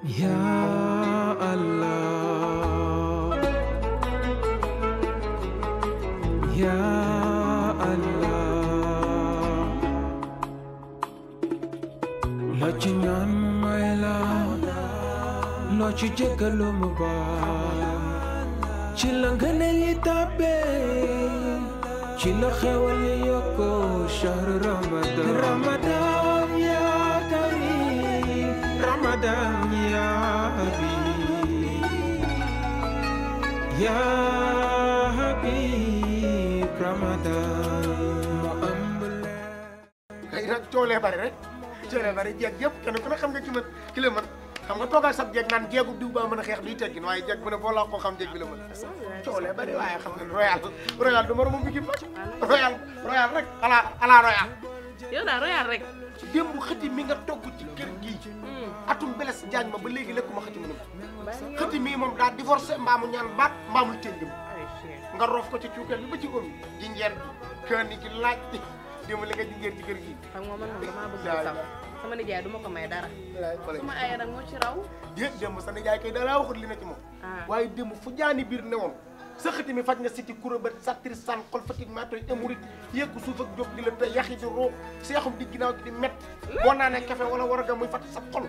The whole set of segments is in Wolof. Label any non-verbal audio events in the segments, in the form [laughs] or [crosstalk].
Ya Allah Ya Allah Lo ci ñaan mu may la loo ci jéggalu mu baal ci la ngëneel yi Ramadan Ramadan madam ya habib ya habib ramadan mu ëmb bari rek coolee bari jeeg yëpp kenn ku xam nga ci man ki la man xam nga jeeg jeegu diw ba duy teggin jeeg bu ne la ko xam jeeg bi bari xam nga royal royal du moromu bi ki royal royal rek ala ala royal yow ya royal rek démb xëti mi nga togg ci atum beles jaañ ma ba léegi lekkuma xëti mënum xëti mii moom daa divorcé mbaa mu ñaan baat mbaa muy téngam nga roof ko ci cuukeel bi ba ci om [laughs] ji njeen nga jigéen ci sa li na ci moom ah. waaye démb fu jaani biir newoon sa xëti mi faj nga siti kurébat sattir san xol fatigue matoy émurit yéeg suuf ak jóg di te yaxi di ruux seexum di ginnaaw gi di mett boo naanee kafe war a ga muy fàtt sa xol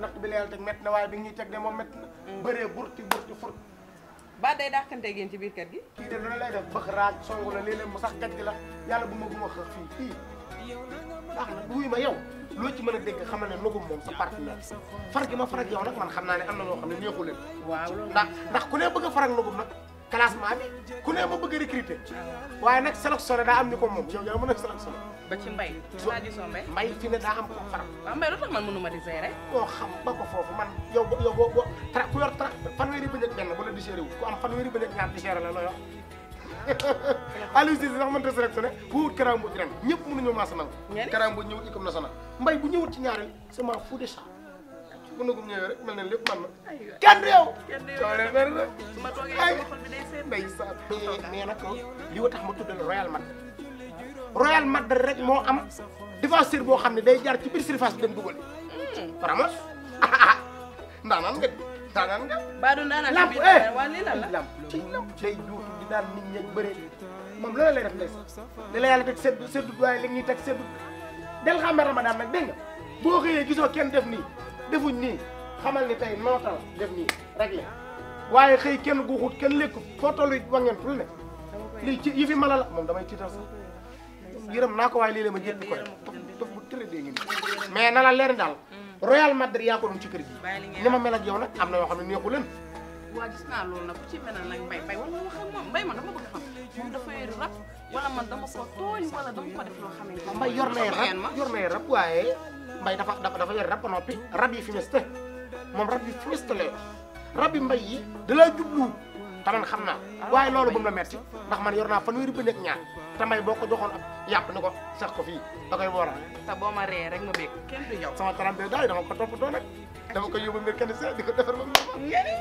natt bi la yàlla na waaye bi ñuy teg de moom métti na. Mm. bëree burti burti fur. ba day dàqante ak yéen ci biir kër gi. kii de dina lay def bëx raaj songu la léeg-léeg mu sax gàcce la bu ma bu ma fii fii. baax na ma yow loo ci mën a dégg xamal ne moom sa partenaire far gi ma far ak yow xam naa ne am na loo xam ne neexu leen. waaw ndax ndax ku ne bëgg a classement bi ku ne ma bëgg a recruter waaye nag sélectionné daa am ñu ko moom yow yaa mën a sélectionné ba ci mbay maa mbay mbay ne daa am ko faram mbay lu tax man mënuma di gérer rek boo ba ko foofu man yow boo boo tra ku yor tra fanweeri bëñ ak benn bu la di gérer wu ku am fanweeri bëñ ak ñaar di gérer la loo yor [laughs] Aliou Cissé sax mënta sélectionné ku wut karambo ren ñëpp mënuñoo maasa nangu karambo ñëwut équipe nationale mbay bu ñëwut ci ñaareel c'est ma fou de chat bu nugum ñëwee rek mel na lépp man na kenn yow toole mer na ay nday saan mais nag li wa tax ma tuddal Royal Madrid Royal Madrid rek moo am défenseur boo xam ne day jaar ci biir surface bi dem dugal hmm. Ramos [laughs] ndaanaan nga ndaanaan nga baadu ndaanaan lamp eh. waa lii la lamp ci lamp day juutu di daan nit ñeeg bëri moom loolu lay def nday sa li la yàlla teg seddu seddu waaye li ñuy teg seddu del xambe ramadan nag dégg nga boo xëyee gisoo kenn def nii defuñ nii xamal ni tey nootal def nii rek la waaye xëy kenn guuxut kenn lekku foo toll wangeen fu ne lii ci yi fi mala la moom damay tiital sax yërëm naa ko waaye la ma jéppi ko def bu tërë dee na la leer daal mm. Real Madrid yaa ko ci kër gi ni ma mel ak yow nag na yoo xam ne neexu leen waa gis naa loolu nag ku ci mel nag mbay mbay wala wax moom mbay man dama ko xam moom dafay rab wala man dama ko tooñ wala dama ko rab waaye bay dafa dafa dafa ya, yor rap nopi rabbi rab yi fumiste moom rab yi fumiste la mbay yi da la djublu tamen xamna way lolu waaye bu mu la metti ndax man yorna naa fanweeri bële nek ñaar te mbay boo ko yap ab sax ko fi da koy wora te boma re rek ma bég kenn du yow. sama 32 daay dama ko top do nak dama ko yobu mbir kenn sa diko ko defar ba mu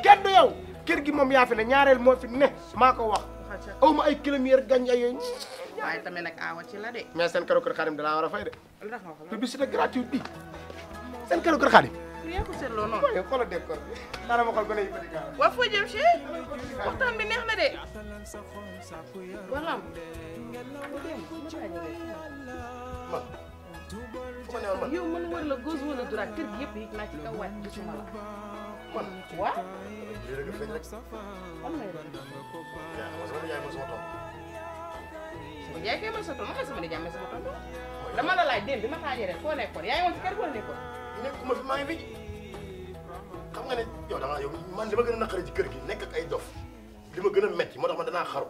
kenn du yow kër gi mom ya fi ne ñaarel mo fi ne mako wax. Oh aw ma ay kilomètre gañ ay yooyu waaye tamit nag aawa ci la de mais seen këru kër xaadim dalaa war a fay de publicité gratuite bi seen këru kër xaadim rien ko seetloo noonu yow xoolal décor bi ma xool gone yi ko di gaaw jëm si waxtaan bi neex na de walam ma yow mën wër la gauche wala droite kër gi yëpp yi naa ci kaw wàcc la jërëjëf sëñ rek. am na yéen. ma sama tonton. ma sama dama la laaj démb bi ma taajee rek foo nekkoon yaa ngi woon ci kër nekkoon. nekkuma fi maa ngi fi. xam nga ne yow dama yow man li ma gën a naqari ci kër gi nekk ak ay dof li ma gën a metti moo tax man danaa xaru.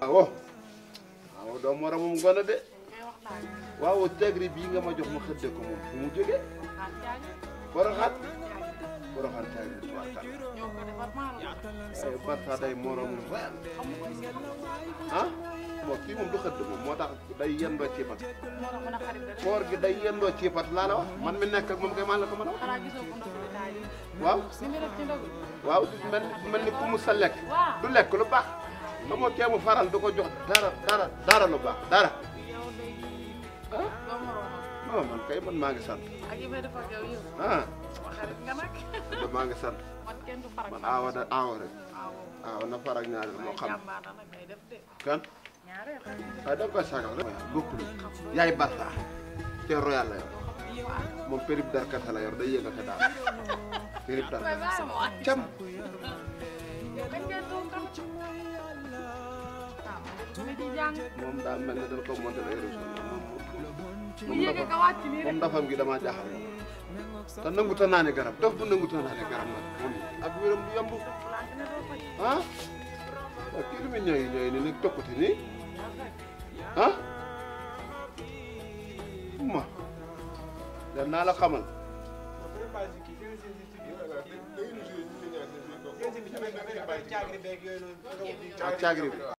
doom waaw doomu moromam gone de. waaw tegri bii nga ma jox ma xëdde ko moom fu mu jógee. boroxaat. Porokhane tubaarkàlla Barça day moroom lu ah moom du xëdd moom moo tax day yendoo ci pat koor gi day yendoo ci pat laa man mi nekk ak moom kay maa ko mën a wax waaw waaw mel mel ni ku sa lekk du lekk lu baax xamoo moo mu faral du ko jox dara dara dara lu baax dara ah man kay man maa ngi sant ah nga nag da maa sant man kenn da rek na farak ñaar xam kan waaye da nga sagal rek bokkul yaay barta te royal la yor moom périb darkata la yor day yëngate daal périb darkata cam moom daal mel ne ko monté ay réseau moom dafa gi dama te nangu ta naane garab dof bu nangu ta naane garab nag moom ak wéram du yomb ah waaw kii lu muy ñooy ni nag ah? ma dan naa la xamal ak caagri bi